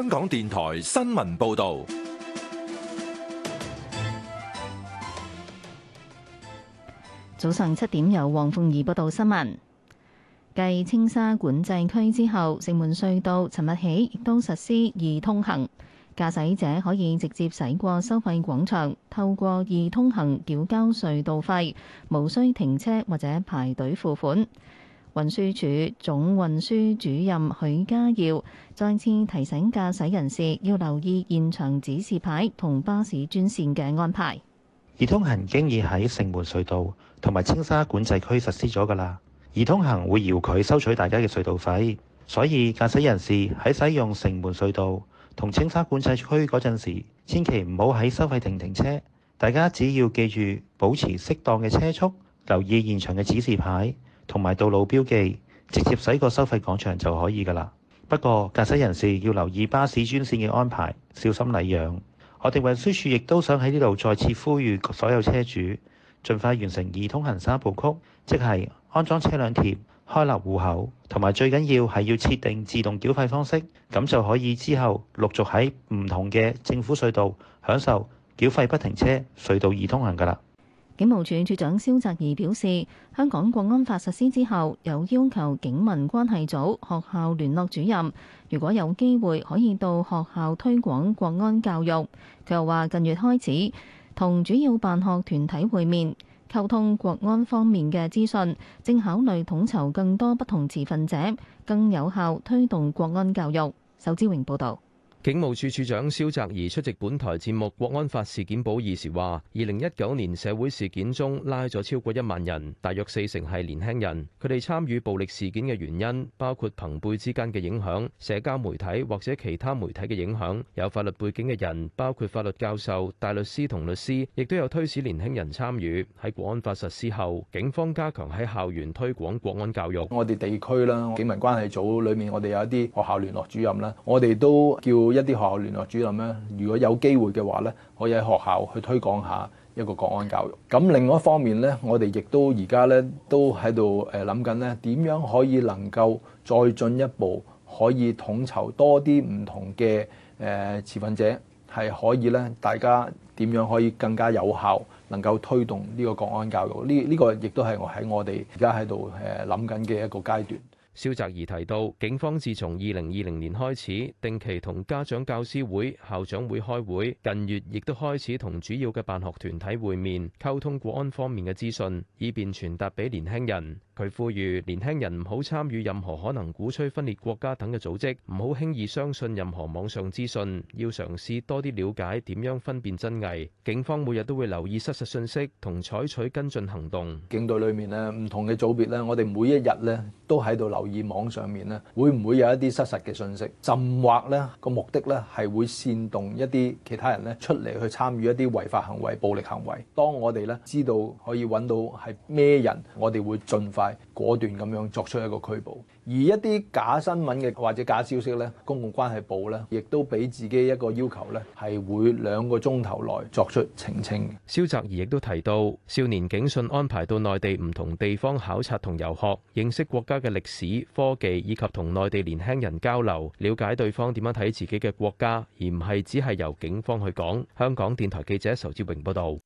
香港電台新聞報道，早上七點由黃鳳儀報道新聞。繼青沙管制區之後，城門隧道尋日起亦都實施易通行，駕駛者可以直接駛過收費廣場，透過易通行繳交隧道費，無需停車或者排隊付款。運輸署總運輸主任許家耀再次提醒駕駛人士要留意現場指示牌同巴士專線嘅安排。易通行經已喺城門隧道同埋青沙管制區實施咗㗎喇，易通行會遙距收取大家嘅隧道費，所以駕駛人士喺使用城門隧道同青沙管制區嗰陣時，千祈唔好喺收費亭停，停車。大家只要記住保持適當嘅車速，留意現場嘅指示牌，同埋道路標記，直接駛過收費廣場就可以㗎啦。不過駕駛人士要留意巴士專線嘅安排，小心禮讓。我哋運輸署亦都想喺呢度再次呼籲所有車主，盡快完成二通行三步曲，即係安裝車輛貼、開立戶口，同埋最緊要係要設定自動繳費方式，咁就可以之後陸續喺唔同嘅政府隧道享受繳費不停車隧道二通行㗎啦。警務處處長蕭澤頤表示，香港國安法實施之後，有要求警民關係組、學校聯絡主任，如果有機會可以到學校推廣國安教育。佢又話，近月開始同主要辦學團體會面，溝通國安方面嘅資訊，正考慮統籌更多不同持份者，更有效推動國安教育。仇志榮報道。警務處處長蕭澤頤出席本台節目《國安法事件簿》二時，話：二零一九年社會事件中拉咗超過一萬人，大約四成係年輕人。佢哋參與暴力事件嘅原因，包括朋輩之間嘅影響、社交媒體或者其他媒體嘅影響。有法律背景嘅人，包括法律教授、大律師同律師，亦都有推使年輕人參與。喺國安法實施後，警方加強喺校園推廣國安教育。我哋地區啦，警民關係組裏面，我哋有一啲學校聯絡主任啦，我哋都叫。一啲學校聯絡主任咧，如果有機會嘅話咧，可以喺學校去推廣下一個國安教育。咁另外一方面咧，我哋亦都而家咧都喺度誒諗緊咧，點樣可以能夠再進一步，可以統籌多啲唔同嘅誒持份者，係可以咧，大家點樣可以更加有效，能夠推動呢個國安教育。呢呢個亦都係我喺我哋而家喺度誒諗緊嘅一個階段。蕭澤怡提到，警方自從二零二零年開始定期同家長教師會校長會開會，近月亦都開始同主要嘅辦學團體會面，溝通國安方面嘅資訊，以便傳達俾年輕人。佢呼籲年輕人唔好參與任何可能鼓吹分裂國家等嘅組織，唔好輕易相信任何網上資訊，要嘗試多啲了解點樣分辨真偽。警方每日都會留意失實信息，同採取跟進行動。警隊裏面咧，唔同嘅組別咧，我哋每一日咧都喺度留意網上面咧，會唔會有一啲失實嘅信息？甚或咧個目的咧係會煽動一啲其他人咧出嚟去參與一啲違法行為、暴力行為。當我哋咧知道可以揾到係咩人，我哋會盡快。果斷咁樣作出一個拘捕，而一啲假新聞嘅或者假消息呢，公共關係部呢，亦都俾自己一個要求呢，係會兩個鐘頭內作出澄清。蕭澤頤亦都提到，少年警訊安排到內地唔同地方考察同遊學，認識國家嘅歷史、科技以及同內地年輕人交流，了解對方點樣睇自己嘅國家，而唔係只係由警方去講。香港電台記者仇志榮報道。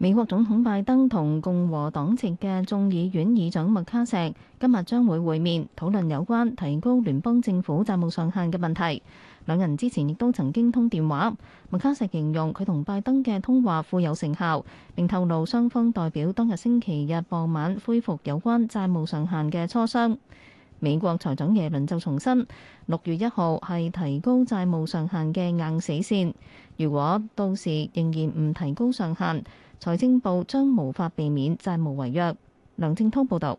美國總統拜登同共和黨籍嘅眾議院議長麥卡錫今日將會會面，討論有關提高聯邦政府債務上限嘅問題。兩人之前亦都曾經通電話。麥卡錫形容佢同拜登嘅通話富有成效，並透露雙方代表當日星期日傍晚恢復有關債務上限嘅磋商。美國財長耶倫就重申，六月一號係提高債務上限嘅硬死線。如果到時仍然唔提高上限，財政部將無法避免債務違約，梁正濤報道。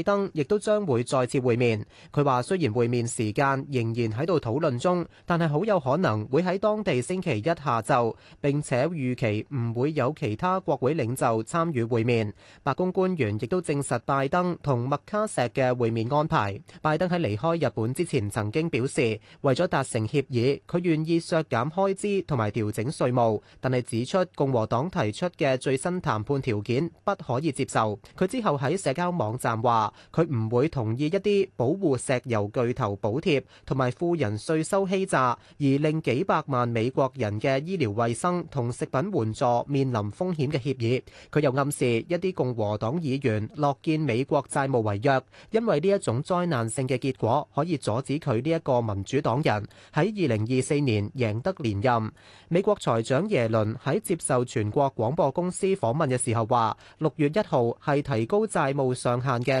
拜登亦都將會再次會面。佢話：雖然會面時間仍然喺度討論中，但係好有可能會喺當地星期一下晝，並且預期唔會有其他國會領袖參與會面。白宮官員亦都證實拜登同麥卡錫嘅會面安排。拜登喺離開日本之前曾經表示，為咗達成協議，佢願意削減開支同埋調整稅務，但係指出共和黨提出嘅最新談判條件不可以接受。佢之後喺社交網站話：佢唔會同意一啲保護石油巨頭補貼同埋富人稅收欺詐，而令幾百萬美國人嘅醫療衛生同食品援助面臨風險嘅協議。佢又暗示一啲共和黨議員樂見美國債務違約，因為呢一種災難性嘅結果可以阻止佢呢一個民主黨人喺二零二四年贏得連任。美國財長耶倫喺接受全國廣播公司訪問嘅時候話：六月一號係提高債務上限嘅。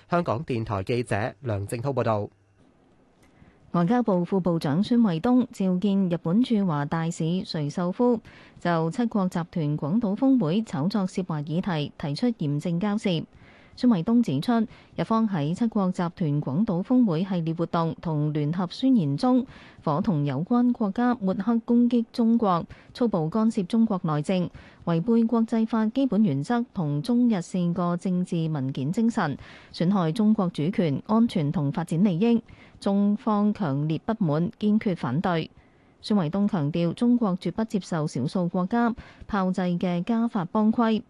香港電台記者梁正濤報道，外交部副部長孫衛東召見日本駐華大使垂秀夫，就七國集團廣島峰會炒作涉華議題提出嚴正交涉。孫衛東指出，日方喺七國集團廣島峰會系列活動同聯合宣言中，夥同有關國家抹黑攻擊中國，粗暴干涉中國內政，違背國際法基本原則同中日四個政治文件精神，損害中國主權、安全同發展利益，中方強烈不滿，堅決反對。孫衛東強調，中國絕不接受少數國家炮製嘅加法幫規，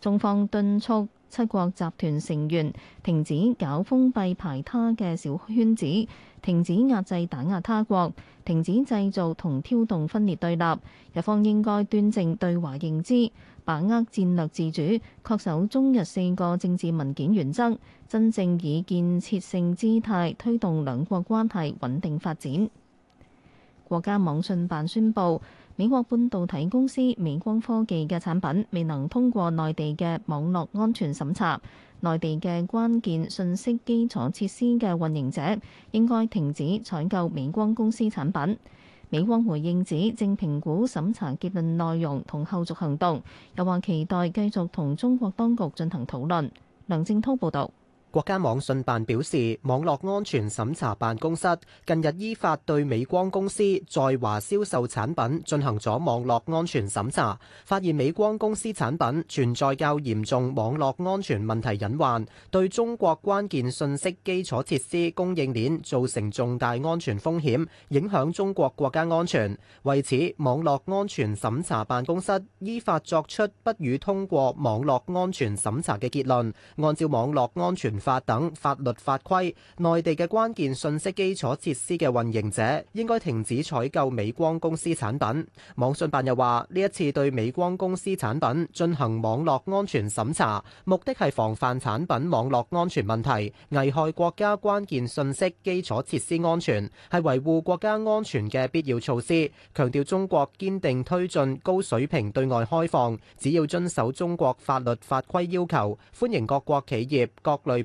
中方敦促，七國集團成員停止搞封閉排他嘅小圈子，停止壓制打壓他國，停止製造同挑動分裂對立。日方應該端正對華認知，把握戰略自主，確守中日四個政治文件原則，真正以建設性姿態推動兩國關係穩定發展。國家網信辦宣布。美國半導體公司美光科技嘅產品未能通過內地嘅網絡安全審查，內地嘅關鍵信息基礎設施嘅運營者應該停止採購美光公司產品。美光回應指，正評估審查結論內容同後續行動，又話期待繼續同中國當局進行討論。梁正滔報道。國家網信辦表示，網絡安全審查辦公室近日依法對美光公司在華銷售產品進行咗網絡安全審查，發現美光公司產品存在較嚴重網絡安全問題隱患，對中國關鍵信息基礎設施供應鏈造成重大安全風險，影響中國國家安全。為此，網絡安全審查辦公室依法作出不予通過網絡安全審查嘅結論。按照網絡安全，法等法律法規，內地嘅關鍵信息基礎設施嘅運營者應該停止採購美光公司產品。網信辦又話，呢一次對美光公司產品進行網絡安全審查，目的係防範產品網絡安全問題，危害國家關鍵信息基礎設施安全，係維護國家安全嘅必要措施。強調中國堅定推進高水平對外開放，只要遵守中國法律法規要求，歡迎各國企業各類。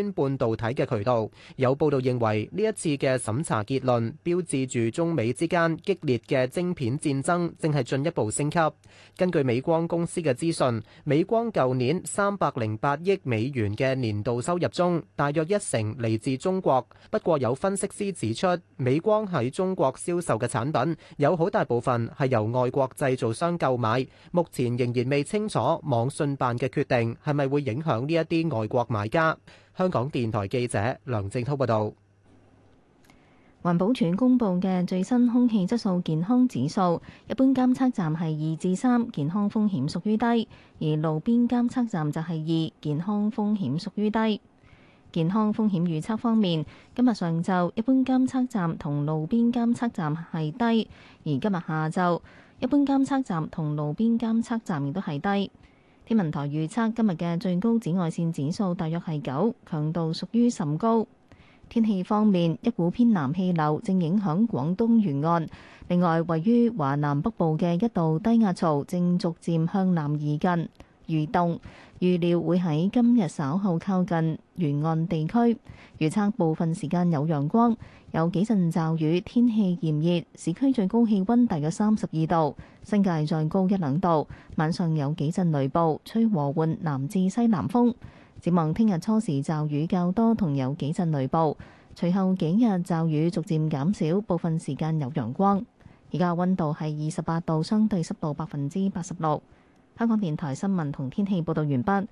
半導體嘅渠道，有報道認為呢一次嘅審查結論標誌住中美之間激烈嘅晶片戰爭正係進一步升級。根據美光公司嘅資訊，美光舊年三百零八億美元嘅年度收入中，大約一成嚟自中國。不過有分析師指出，美光喺中國銷售嘅產品有好大部分係由外國製造商購買。目前仍然未清楚網信辦嘅決定係咪會影響呢一啲外國買家。香港電台記者梁正濤報道，環保署公布嘅最新空氣質素健康指數，一般監測站係二至三，健康風險屬於低；而路邊監測站就係二，健康風險屬於低。健康風險預測方面，今日上晝一般監測站同路邊監測站係低，而今日下晝一般監測站同路邊監測站亦都係低。天文台預測今日嘅最高紫外線指數大約係九，強度屬於甚高。天氣方面，一股偏南氣流正影響廣東沿岸，另外位於華南北部嘅一道低壓槽正逐漸向南移近，預動預料會喺今日稍後靠近沿岸地區，預測部分時間有陽光。有幾陣驟雨，天氣炎熱，市區最高氣温大約三十二度，新界再高一兩度。晚上有幾陣雷暴，吹和緩南至西南風。展望聽日初時驟雨較多，同有幾陣雷暴，隨後幾日驟雨逐漸減,減,減,減,減,減少，部分時間有陽光。而家温度係二十八度，相對濕度百分之八十六。香港電台新聞同天氣報導完畢。